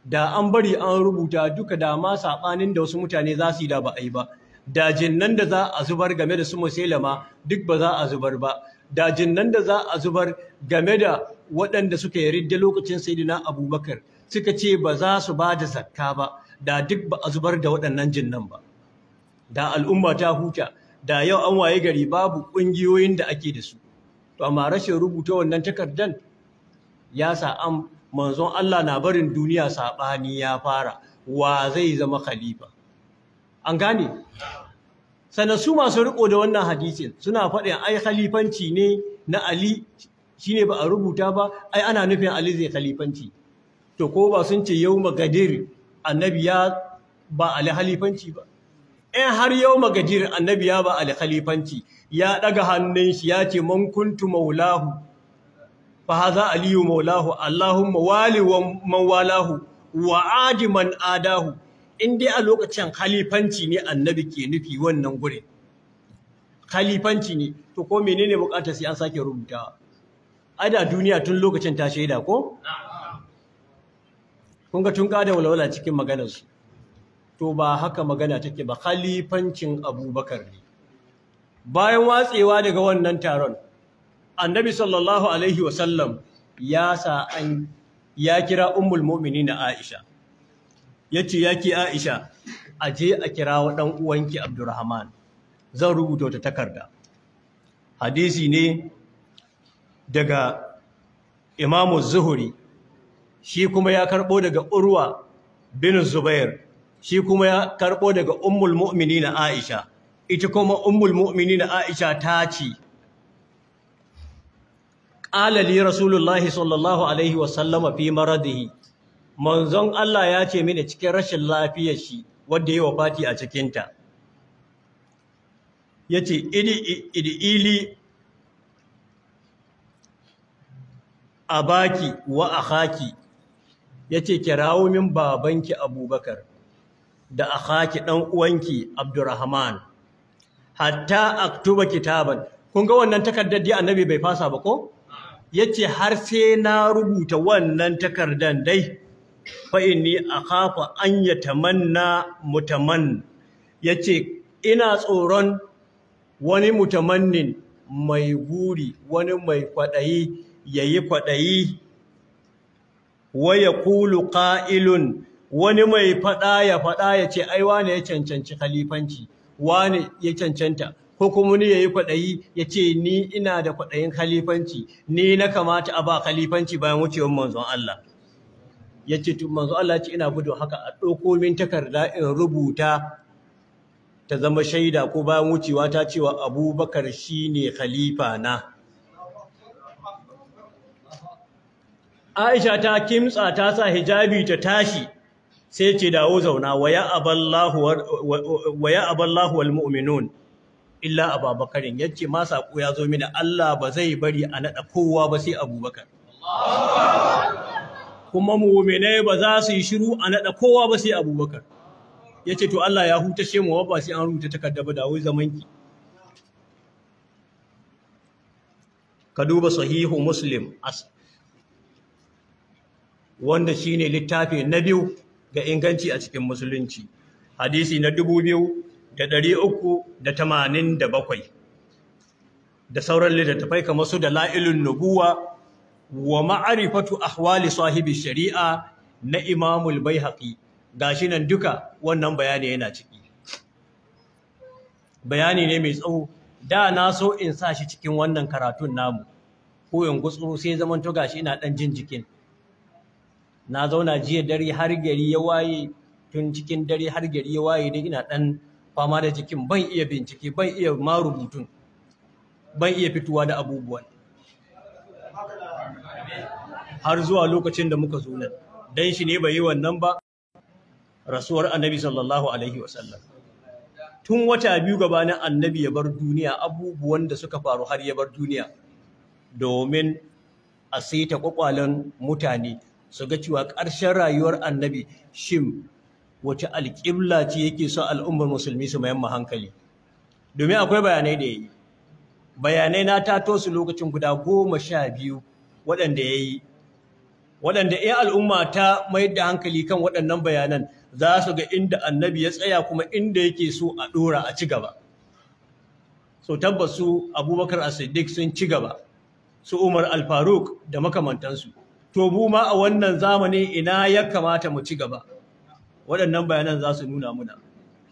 da an bari an rubuta duka da ma saɓanin da wasu mutane za su yi da ba a yi ba da jinnan da za a zubar game da su musulama duk ba za a zubar ba da jinnan da za a zubar game da waɗanda suka yi ridda lokacin sayidina abubakar suka ce ba za su ba da zakka ba da duk ba a zubar da waɗannan jinnan ba da al'umma ta huta da yau an waye gari babu ƙungiyoyin da ake da su to amma rashin rubuta wannan takardan ya sa an manzon Allah na barin duniya saɓani ya fara wa zai zama khalifa an gane sannan su masu riko da wannan hadisin suna faɗin ai khalifanci ne na Ali shine ba a rubuta ba ai ana nufin Ali zai khalifanci to ko ba sun ce yau magadir annabi ya ba Ali khalifanci ba in har yau magadir annabi ya ba Ali khalifanci ya daga hannun shi ya ce man kuntu maulahu fahaza aliyu maulahu allahumma wali man walahu wa adiman adahu in dai a lokacin khalifanci ne annabi ke nufi wannan gurin khalifanci ne to ko menene bukatar sai an sake rubuta ada duniya tun lokacin ta shaida ko kun ga tun kada walwala cikin maganar su to ba haka magana take ba khalifancin abubakar ne bayan watsewa daga wannan taron annabi sallallahu alaihi wasallam ya sa an ya kira mu’mini na Aisha ya ki Aisha a je a kira wa uwanki Abdurrahman zan rubuta ta takarda hadisi ne daga Imamu Zuhri shi kuma ya karbo daga Urwa bin Zubair shi kuma ya karbo daga mu’mini na Aisha ita kuma mu’mini na Aisha ta ce alali rasulullahi sallallahu alaihi wasallama fi maradihi manzon Allah ya ce mini cikin rashin lafiyar shi wadda yi wafati a cikinta ya ce ili a baki wa a haki ya ce kirawo min babanki abubakar da a haki ɗan uwanki abdurrahman hatta aktuba kitaban kun ga wannan takardar dai annabi bai fasa ba ko yace har sai na rubuta wannan takardan dai fa inni kafa an yatamanna mutamann yace ina tsoron wani mutamannin mai guri wani mai kwaɗayi yayi kwaɗayi waya kulu ƙa'ilun wani mai faɗa ya faɗa ya ce ai wane ya cancanci khalifanci wane ya cancanta ko kuma ya yi kwaɗayi ya ce ni ina da kwaɗayin khalifanci ni na kamata a ba khalifanci bayan wucewar manzon Allah ya ce manzon Allah ce ina gudu haka a ɗauko min takarda in rubuta ta zama shaida ko bayan wucewa ta cewa abubakar shi ne khalifa na Aisha ta kimtsa ta sa hijabi ta tashi sai ce dawo zauna waya aballahu wal mu'minun illa ababakarin yace ma sako ya zo mini Allah ba zai bari a nada kowa ba sai abubakar kuma mu'minai ba za su yi shiru a nada kowa ba sai abubakar yace to Allah ya hutashe mu ba sai an rubuta takarda ba da wai zamanki ka duba sahihu muslim wanda shine littafi na biyu ga inganci a cikin musulunci hadisi na dubu biyu da ɗari uku da tamanin da bakwai da sauran littattafai kamar su da la'ilun nubuwa wa ma'arifatu ahwali sahibi shari'a na imamul ga shi nan duka wannan bayani yana ciki bayani ne mai tsawo da na so in sa shi cikin wannan karatun namu ko yin gutsuru sai zaman to shi ina ɗan jin jikin na zauna jiya dare har gari ya waye tun cikin dare har gari ya waye dai ina dan fama da jikin ban iya bincike ban iya ma rubutun ban iya fitowa da abubuwan har zuwa lokacin da muka zo nan dan shi ne bai yi wannan ba rasuwar annabi sallallahu alaihi wasallam tun wata biyu gabanin annabi ya bar duniya abubuwan da suka faru har ya bar duniya domin a saita kwakwalen mutane su ga cewa ƙarshen rayuwar annabi shim. wace alƙibla ce yake so al'ummar musulmi su mayan hankali domin akwai bayanai da yi bayanai na tato su lokacin guda goma sha biyu waɗanda ya yi waɗanda ya al'umma ta mayar da hankali kan waɗannan bayanan za su ga inda annabi ya tsaya kuma inda yake so a ɗora a ci gaba so tabbasu abubakar asidik sun ci gaba su umar alfaruk da makamantansu to bu ma a wannan zamani ina ya kamata mu ci gaba waɗannan bayanan za su nuna muna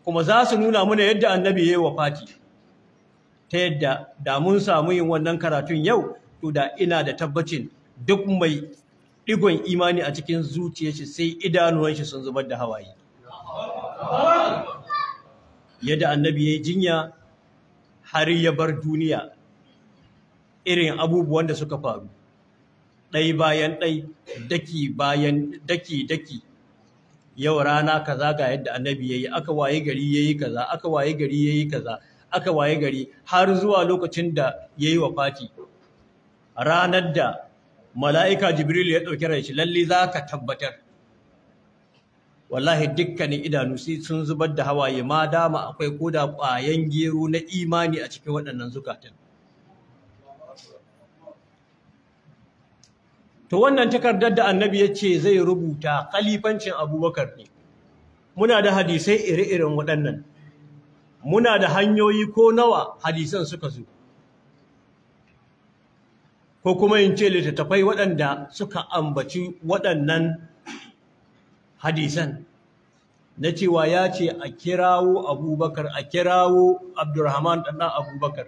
kuma za su nuna muna yadda annabi ya yi wa fati ta yadda da mun samu yin wannan karatun yau to da ina da tabbacin duk mai ɗigon imani a cikin zuciyarshi sai idanuwan shi sun zubar da hawaye yadda annabi ya yi jinya har ya bar duniya irin abubuwan da suka faru ɗai bayan ɗai daki bayan daki daki yau rana kaza ga yadda annabi yayi aka waye gari yayi kaza aka waye gari yayi kaza aka waye gari har zuwa lokacin da yayi wafati ranar da mala'ika jibril ya ɗauki rai shi lalle ka tabbatar wallahi dukkanin idanu sun zubar da hawaye ma dama akwai koda ƙwayan gero na imani a cikin waɗannan zukatan to wannan takardar da annabi ya ce zai rubuta kalifancin abubakar ne muna da hadisai iri-irin waɗannan muna da hanyoyi ko nawa hadisan suka zo ko kuma in ce littattafai waɗanda suka ambaci waɗannan hadisan na cewa ya ce a kirawo abubakar a kirawo abdurrahman ɗanɗan abubakar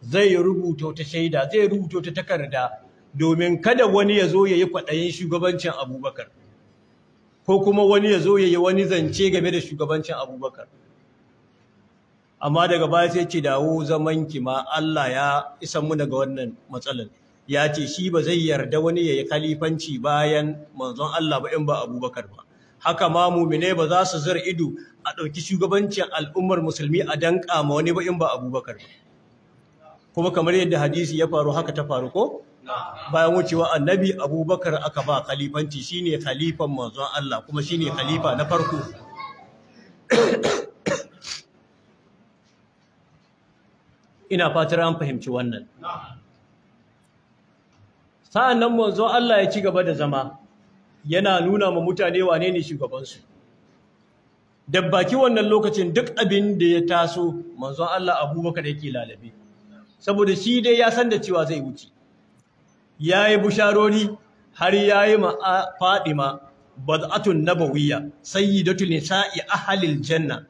zai rubuta ta shaida zai rubuta ta takarda domin kada wani ya zo ya yi kwaɗayin shugabancin abubakar ko kuma wani ya zo ya yi wani zance game da shugabancin abubakar amma daga baya sai ce dawo zaman ki ma Allah ya isa mu daga wannan matsalar ya ce shi ba zai yarda wani ya yi kalifanci bayan manzon Allah ba in ba abubakar ba haka ma mumine ba za su zar ido a ɗauki shugabancin al'ummar musulmi a danƙa ma wani ba in ba abubakar ba kuma kamar yadda hadisi ya faru haka ta faru ko bayan wucewa annabi abubakar aka ba khalifanci shine khalifan manzon Allah kuma shine khalifa na farko ina fatar an fahimci wannan sa'an nan manzon Allah ya ci gaba da zama yana nuna ma mutane wane ne shugabansu da baki wannan lokacin duk abin da ya taso manzon Allah abubakar yake lalabe saboda shi dai ya san da cewa zai wuce ya yi busharori har ya yi fadima bad'atun nabawiyya sai a halin janna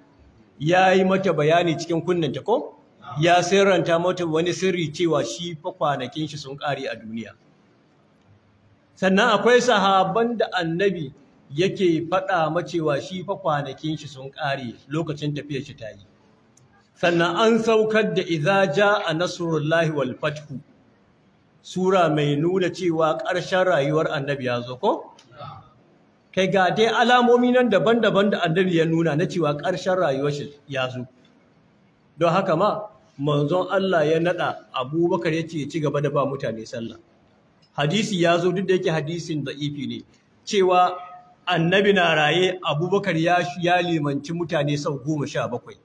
ya yi mata bayani cikin kunnanta ko ya sirranta mata wani sirri cewa shi fa kwanakin shi sun kare a duniya sannan akwai sahaban da annabi yake faɗa macewa shi fa kwanakin shi sun ƙare lokacin tafiyar shi ta yi sannan an saukar da izaja a nasrullahi wal sura mai nuna cewa ƙarshen rayuwar annabi ya zo ko kai ga dai alamomi nan daban-daban da annabi ya nuna na cewa ƙarshen rayuwar shi ya zo don haka ma manzon Allah ya naɗa abubakar ya ce ci gaba da ba mutane sallah hadisi ya zo duk da yake hadisin da ifi ne cewa annabi na raye abubakar ya ya limanci mutane sau goma sha bakwai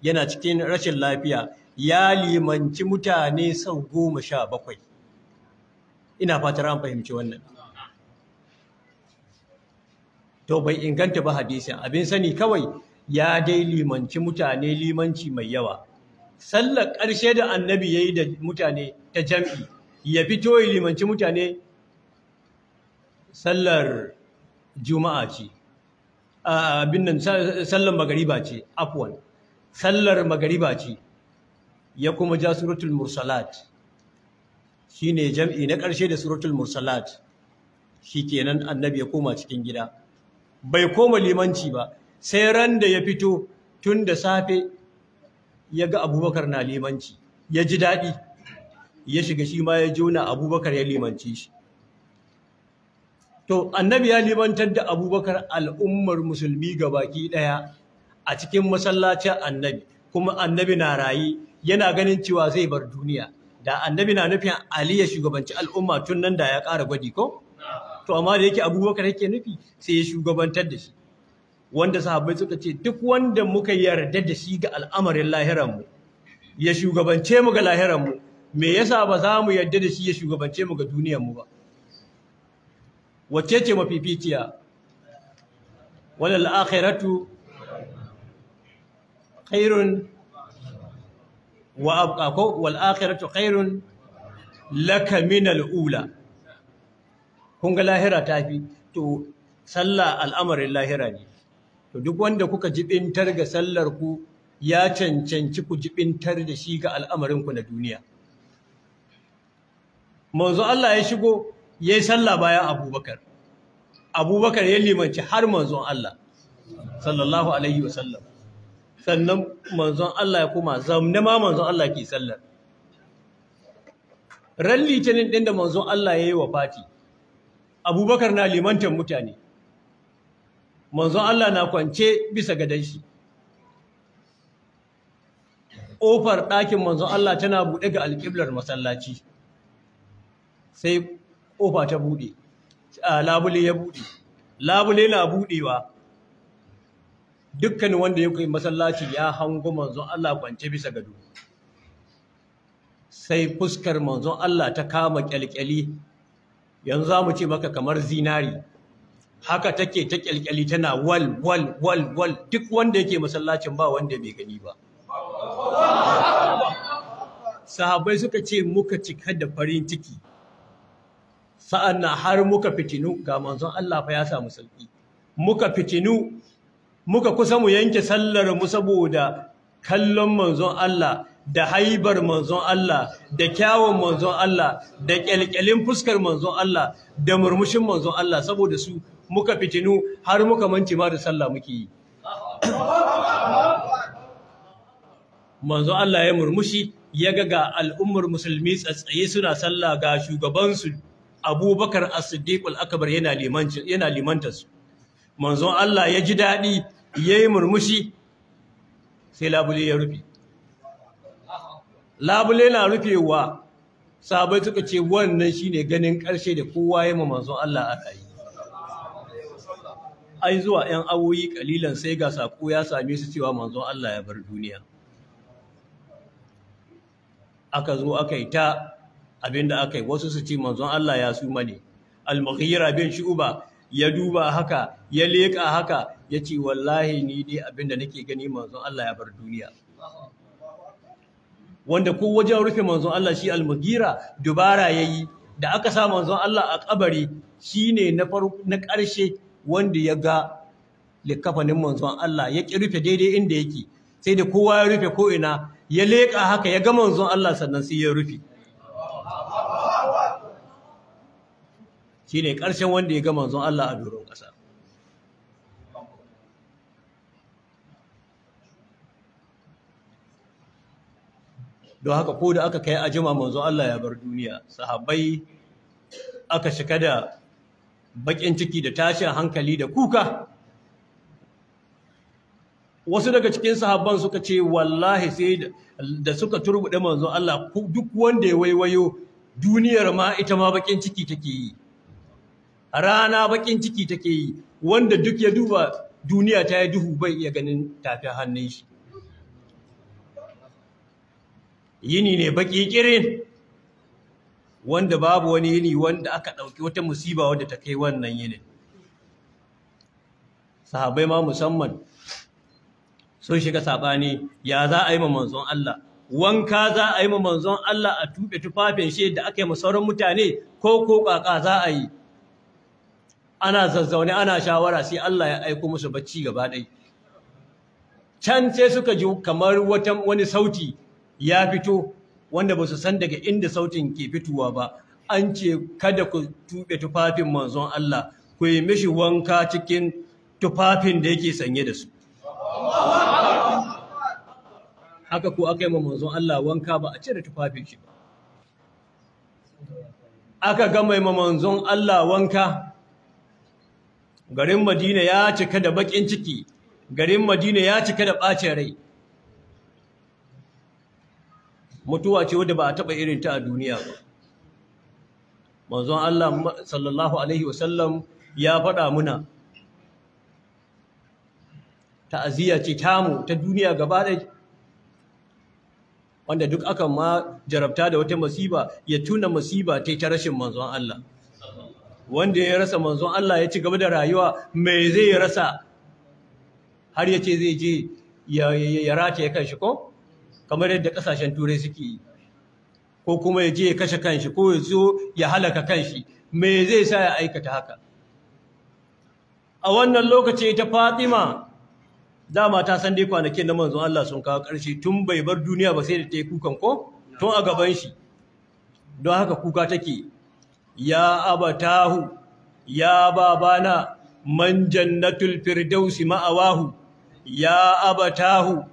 yana cikin rashin lafiya ya limanci mutane sau goma sha bakwai ina fatar an fahimci wannan to bai inganta ba hadisin abin sani kawai ya dai limanci mutane limanci mai yawa sallar ƙarshe da annabi ya yi da mutane ta jam'i ya fito ya limanci mutane sallar juma'a ce abin nan sallar magariba ce afwan sallar magariba ce ya kuma ja suratul mursalat shine jam'i na ƙarshe da suratul mursalat shikenan annabi ya koma cikin gida bai koma limanci ba sai ran da ya fito tun da safe ya ga abubakar na limanci ya ji daɗi ya shiga shi ma ya jona abubakar ya limanci shi to annabi ya limantar da abubakar al'ummar musulmi ga baki ɗaya a cikin masallacin annabi kuma annabi na rayi yana ganin cewa zai bar duniya da annabi na nufin ali ya shugabanci al'umma tun nan da ya ƙara gwadi ko to amma da yake abubakar yake nufi sai ya shugabantar da shi wanda sahabbai suka ce duk wanda muka yarda da shi ga al'amarin mu, ya shugabance mu ga mu, me yasa ba za mu yarda da shi ya shugabance mu ga duniyar mu ba Wace ce mafificiya walal akhiratu khairun wa abqa ko akhiratu khairun ula kun ga lahira ta fi to sallah al'amarin lahira ne to duk wanda kuka jibintar ga sallar ku ya cancanci ku jibintar da shi ga al'amarin ku na duniya manzo Allah ya shigo yayi sallah bayan Abubakar Abubakar ya limanci har manzon Allah sallallahu alaihi wasallam sannan manzon Allah ya kuma, zaune ma manzon Allah ke sallar ran litinin ɗin da manzon Allah ya yi wa fati abubakar na limantar mutane manzon Allah na kwance bisa gadon shi ƙofar ɗakin manzon Allah tana buɗe ga alƙiblar masallaci sai ƙofa ta buɗe labule ya buɗe labule na buɗewa dukkanin wanda ya kai masallaci ya hango manzon Allah kwance bisa gado sai fuskar manzon Allah ta kama kyalkyali yanzu za mu ce maka kamar zinari haka take ta kyalkyali tana wal wal wal wal duk wanda yake masallacin ba wanda bai gani ba sahabai suka ce muka cika da farin ciki sa'an har muka fitinu ga manzon Allah fa ya samu sauki muka fitinu muka kusa mu yanke sallar mu saboda kallon manzon Allah da haibar manzon Allah da kyawun manzon Allah da kyalkyalin fuskar manzon Allah da murmushin manzon Allah saboda su muka fitinu har muka manci ma da sallah muke yi manzon Allah ya murmushi ya ga ga al'ummar musulmi tsatsaye suna sallah ga shugabansu Abubakar As-Siddiq al-Akbar yana limantar su manzon Allah ya ji daɗi ya yi murmushi sai labule ya rufe labule na rufewa sabai suka ce wannan shine ganin ƙarshe da kowa ya ma manzon Allah aka yi ai zuwa 'yan awoyi ƙalilan sai ga sako ya same su cewa manzon Allah ya bar duniya aka zo aka yi ta abinda aka yi wasu su ce manzon Allah ya su ne al-mughira bin shu'ba ya duba haka ya leƙa haka ya ce wallahi ni dai abinda nake gani manzon Allah ya bar duniya wanda ko wajen rufe manzon Allah shi almagira dubara yayi da aka sa manzon Allah a kabari shi ne na ƙarshe wanda ya ga likafanin manzon Allah ya ki rufe daidai inda yake sai da kowa ya rufe ko ina ya leƙa haka ya ga manzon Allah sannan sai ya rufe shine ƙarshen wanda ya ga manzon Allah a doron ƙasa don haka ko da aka kai a jima manzon Allah ya bar duniya sahabbai aka shiga da bakin ciki da tashin hankali da kuka wasu daga cikin sahabban suka ce wallahi sai da suka turbuɗe manzon Allah duk wanda ya waiwayo duniyar ma ita ma bakin ciki take yi rana baƙin ciki take yi wanda duk ya duba duniya ta yi duhu bai iya ganin tafi hannun shi yini ne baki kirin wanda babu wani yini wanda aka ɗauki wata musiba wadda ta kai wannan yinin sahabai ma musamman sun shiga saɓani ya za a yi ma manzon Allah wanka za a yi ma manzon Allah a tuɓe tufafin shi da aka yi ma sauran mutane ko ko ƙaƙa za a yi ana zazzaune ana shawara sai Allah ya aiko musu bacci gaba ɗai can sai suka ji kamar wata wani sauti ya fito wanda ba su san daga inda sautin ke fitowa ba an ce kada ku tuɓe tufafin manzon Allah ku yi mishi wanka cikin tufafin da yake sanye da su haka ko aka yi ma manzon Allah wanka ba a cire tufafin shi ba aka gama ma manzon Allah wanka garin madina ya cika da bakin ciki garin madina ya cika da ɓacin rai mutuwa ce wadda ba a taɓa irin ta a duniya ba manzon Allah sallallahu alaihi wasallam ya faɗa muna ta'aziyya ce tamu ta duniya gaba ɗaya wanda duk akan ma jarabta da wata masiba ya tuna masiba ta ta rashin manzon Allah wanda ya rasa manzon Allah ya ci gaba da rayuwa me zai rasa har ya ce zai je ya rataye kanshi ko kamar yadda kasashen turai suke yi ko kuma ya je ya kashe kanshi ko ya zo ya halaka kanshi me zai sa ya aikata haka a wannan lokaci ita fatima dama ta san dai kwanakin na manzon Allah sun kawo ƙarshe tun bai bar duniya ba sai da ta yi kukan ko tun a gaban shi don haka kuka take ya abatahu ya babana man jannatul firdausi ma'awahu ya abatahu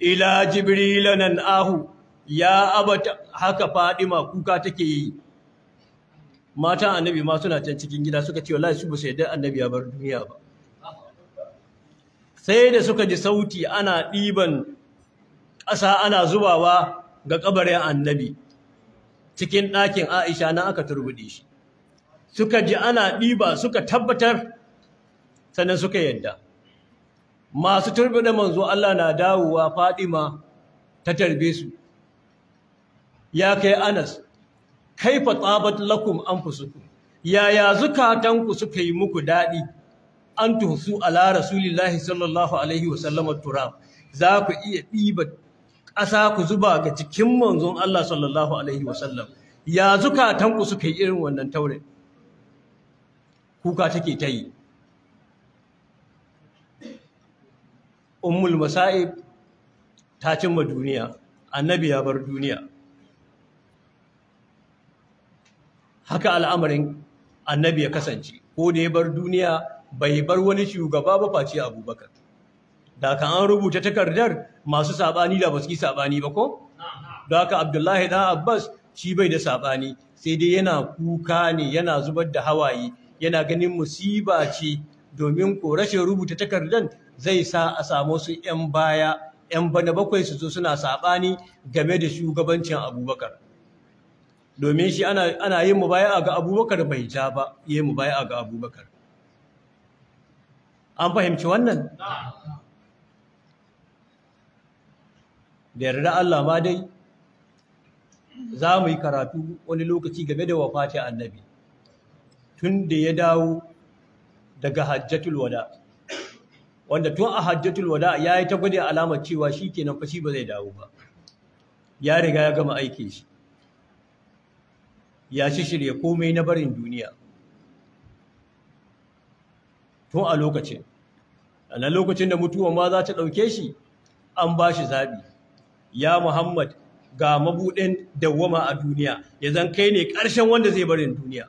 ila jibrila nan ahu ya abata haka fadima kuka take yi Mata annabi ma suna can cikin gida suka ce wallahi su ba sai dan annabi ya bar duniya ba sai da suka ji sauti ana diban ƙasa ana zubawa ga kabarin annabi cikin ɗakin Aisha na aka turbuɗe shi suka ji ana ɗiba suka tabbatar sannan suka yadda masu turbuɗe manzo Allah na dawowa Fadima ta tarbe su ya kai Anas kaifa tsabat lakum anfusukum yaya zukatanku suka yi muku daɗi an tuhusu ala rasulillahi sallallahu alaihi wasallam turam za ku iya ɗiba ƙasa ku zuba ga cikin manzon Allah sallallahu alaihi wasallam ya tanku suka yi irin wannan taurin kuka take ta yi ummul masa'ib ta cimma duniya annabi ya bar duniya haka al'amarin annabi ya kasance ko da ya bar duniya bai bar wani shugaba ba face abubakar da kan an rubuta takardar masu sabani da basu yi sabani ba ko da haka Abdullahi dan Abbas shi bai da sabani sai dai yana kuka ne yana zubar da hawaye yana ganin musiba ce domin ko rashin rubuta takardar zai sa a samu su 'yan baya 'yan bana bakwai su zo suna saɓani game da shugabancin abubakar domin shi ana yin mu baya ga abubakar bai ja ba yi baya ga abubakar an fahimci wannan da yarda Allah ma dai za mu yi karatu wani lokaci game da wafatin annabi tun da ya dawo daga hajjatul wada wanda tun a hajjatul wada ya yi ta gwada alamar cewa shi ke nan fashi ba zai dawo ba ya riga ya gama aikin shi ya ci shirya komai na barin duniya tun a lokacin a lokacin da mutuwa ma za ta ɗauke shi an ba shi zaɓi ya Muhammad ga mabuɗin dawwama a duniya ya zan kai ne ƙarshen wanda zai barin duniya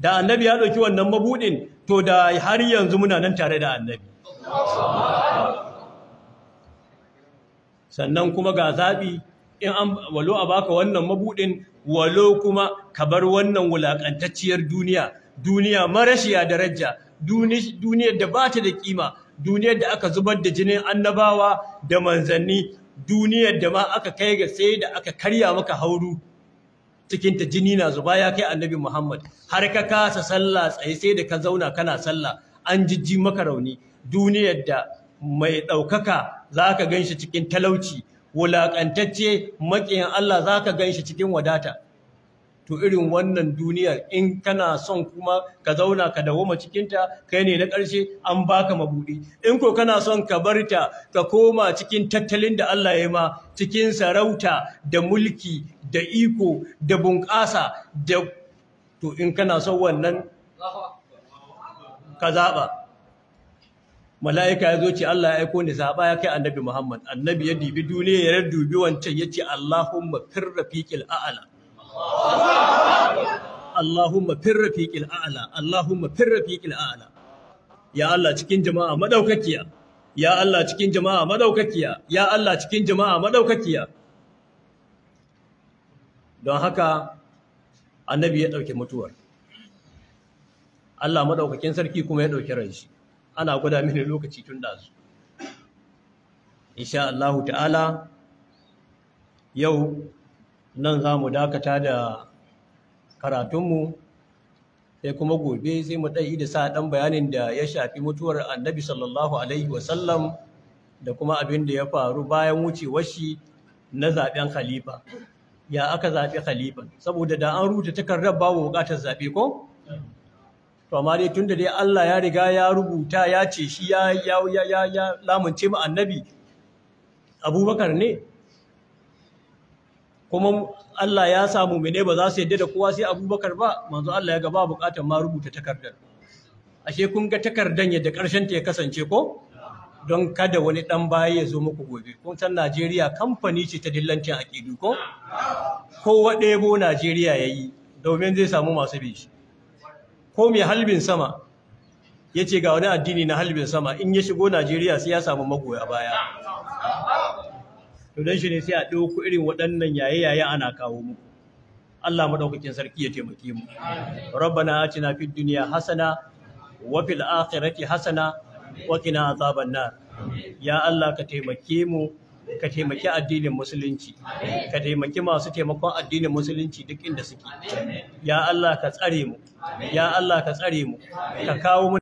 da annabi ya ɗauki wannan mabuɗin to da har yanzu muna nan tare da annabi sannan kuma ga zaɓi in an walo a baka wannan mabuɗin walo kuma ka bar wannan wulaƙantacciyar duniya duniya marashiya daraja duniyar da ba ta da ƙima. duniyar da aka zubar da jinin annabawa da manzanni duniyar da ma aka kai ga sai da aka karya maka hauru cikinta jini na zuba ya kai annabi Muhammad har ka kasa sallah tsaye sai da ka zauna kana sallah an jijji maka rauni duniyar da mai ɗaukaka za ka gan cikin talauci wulaƙantacce maƙiyan Allah za ka gan cikin wadata to irin wannan duniyar in kana son kuma ka zauna ka dawoma cikinta kai ne na ƙarshe an baka mabuɗi in ko kana son ka bar ta ka koma cikin tattalin da Allah ya ma cikin sarauta da mulki da iko da bunƙasa da to in kana son wannan ka zaɓa mala'ika ya zo ce Allah ya aiko ni zaɓa ya kai annabi Muhammad annabi ya dubi duniya ya dubi wancan ya ce Allahumma kirrafiqil a'ala Allahumma firrafiqil a'la Allahumma firrafiqil a'la ya Allah cikin jama'a madaukakiya ya Allah cikin jama'a madaukakiya ya Allah cikin jama'a madaukakiya don haka annabi ya dauke mutuwar Allah madaukakin sarki kuma ya dauke ranshi ana gwada mini lokaci tun da su insha Allah ta'ala yau nan za mu dakata da karatunmu sai kuma gobe sai mu ɗai da sa ɗan bayanin da ya shafi mutuwar annabi sallallahu alaihi wasallam da kuma abin da ya faru bayan wucewar shi na zaɓen khalifa ya aka zaɓi khalifa saboda da an rubuta takardar babu buƙatar zaɓe ko to amma dai tunda dai Allah ya riga ya rubuta ya ce shi ya ya lamunce mu annabi Abubakar ne kuma Allah ya samu mene ba za su yadda da kowa sai abubakar ba manzo Allah ya gaba bukatar ma rubuta takardar ashe kun ga takardar yadda karshen ta ya kasance ko don kada wani dan baya ya zo muku gobe kun san Najeriya kamfani ce ta dillancin akidu ko Ko kowa bo Najeriya yayi domin zai samu masu bi shi ko mai halbin sama yace ga wani addini na halbin sama in ya shigo Najeriya sai ya samu magoya baya to dan shi ne sai a ɗauko irin waɗannan yaye-yaye ana kawo muku Allah maɗaukakin sarki ya taimaki mu rabbana atina fi duniya hasana wa fil akhirati hasana wa qina azaban nar ya Allah ka taimake mu ka taimaki addinin musulunci ka taimaki masu taimakon addinin musulunci duk inda suke ya Allah ka tsare mu ya Allah ka tsare mu ka kawo